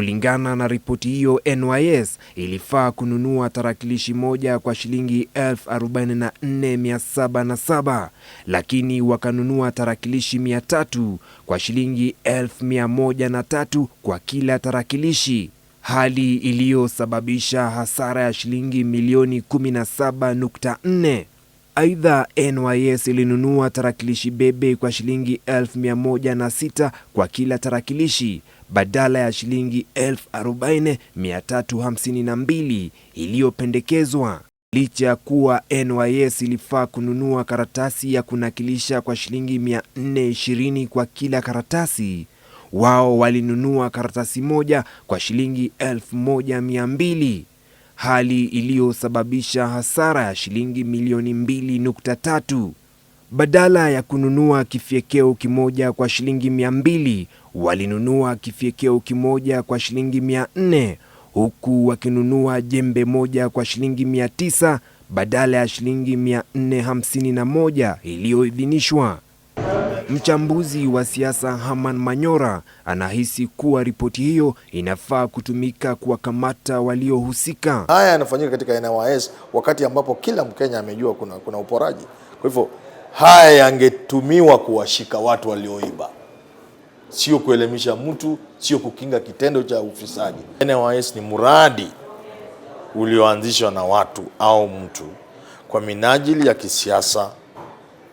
Kulingana na ripoti hiyo, NYS ilifaa kununua tarakilishi moja kwa shilingi 44707 lakini wakanunua tarakilishi 300 kwa shilingi 1103 kwa kila tarakilishi, hali iliyosababisha hasara ya shilingi milioni 17.4. Aidha, NYS ilinunua tarakilishi bebe kwa shilingi elfu mia moja na sita kwa kila tarakilishi badala ya shilingi elfu arobaini mia tatu hamsini na mbili iliyopendekezwa. Licha ya kuwa NYS ilifaa kununua karatasi ya kunakilisha kwa shilingi 420 kwa kila karatasi, wao walinunua karatasi moja kwa shilingi 1200 hali iliyosababisha hasara ya shilingi milioni 2.3. Badala ya kununua kifyekeo kimoja kwa shilingi 200, walinunua kifyekeo kimoja kwa shilingi 400, huku wakinunua jembe moja kwa shilingi 900 badala ya shilingi 451 iliyoidhinishwa. Mchambuzi wa siasa Herman Manyora anahisi kuwa ripoti hiyo inafaa kutumika kuwakamata waliohusika. Haya yanafanyika katika NYS wakati ambapo kila Mkenya amejua kuna, kuna uporaji. Kwa hivyo haya yangetumiwa kuwashika watu walioiba, sio kuelemisha mtu, sio kukinga kitendo cha ufisadi. NYS ni mradi ulioanzishwa na watu au mtu kwa minajili ya kisiasa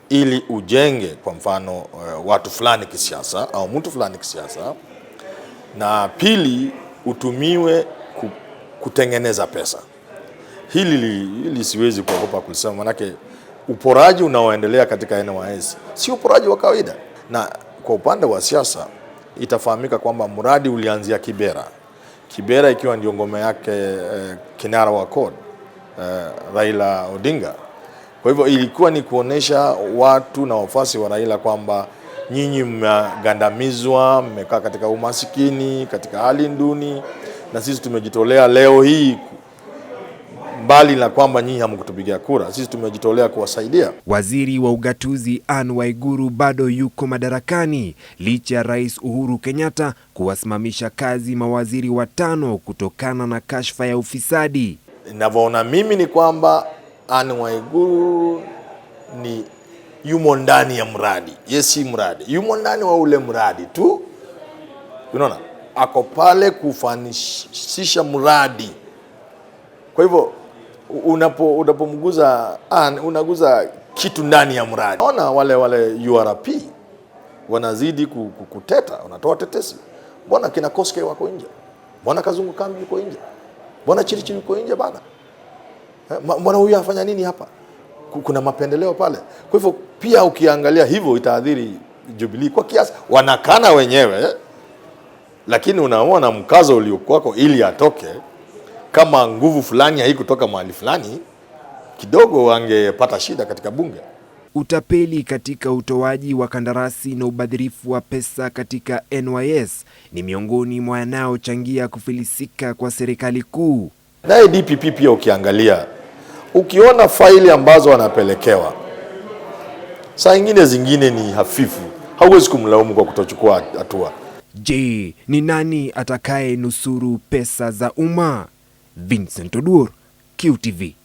ili ujenge kwa mfano eh, watu fulani kisiasa au mtu fulani kisiasa, na pili utumiwe kutengeneza pesa. Hili, hili siwezi kuogopa kulisema, manake uporaji unaoendelea katika NYS si uporaji wa kawaida. Na kwa upande wa siasa itafahamika kwamba mradi ulianzia Kibera, Kibera ikiwa ndio ngome yake eh, kinara wa CORD eh, Raila Odinga kwa hivyo ilikuwa ni kuonesha watu na wafuasi wa Raila kwamba nyinyi mmegandamizwa, mmekaa katika umasikini, katika hali nduni na sisi tumejitolea leo hii mbali na kwamba nyinyi hamkutupigia kura, sisi tumejitolea kuwasaidia. Waziri wa ugatuzi Anne Waiguru bado yuko madarakani licha ya Rais Uhuru Kenyatta kuwasimamisha kazi mawaziri watano kutokana na kashfa ya ufisadi. Ninavyoona mimi ni kwamba Anne Waiguru ni yumo ndani ya mradi, ye si mradi, yumo ndani wa ule mradi tu, unaona, ako pale kufanisisha mradi. Kwa hivyo unapo unapomguza Anne ah, unaguza kitu ndani ya mradi. Ona wale wale URP wanazidi kukuteta, wanatoa tetesi. Mbona kina Koske wako nje? Mbona Kazungu Kambi yuko nje? Mbona Chirichiri yuko nje bana? Eh, mbona huyu afanya nini hapa? Kuna mapendeleo pale. Kwa hivyo pia ukiangalia hivyo itaadhiri Jubilee kwa kiasi, wanakana wenyewe, eh? lakini unaona mkazo uliokuwako ili atoke, kama nguvu fulani haikutoka mahali fulani, kidogo wangepata shida katika bunge. Utapeli katika utoaji wa kandarasi na ubadhirifu wa pesa katika NYS ni miongoni mwa yanayochangia kufilisika kwa serikali kuu. Naye DPP pia ukiangalia ukiona faili ambazo wanapelekewa saa ingine zingine ni hafifu, hauwezi kumlaumu kwa kutochukua hatua. Je, ni nani atakaye nusuru pesa za umma? Vincent Odur, QTV.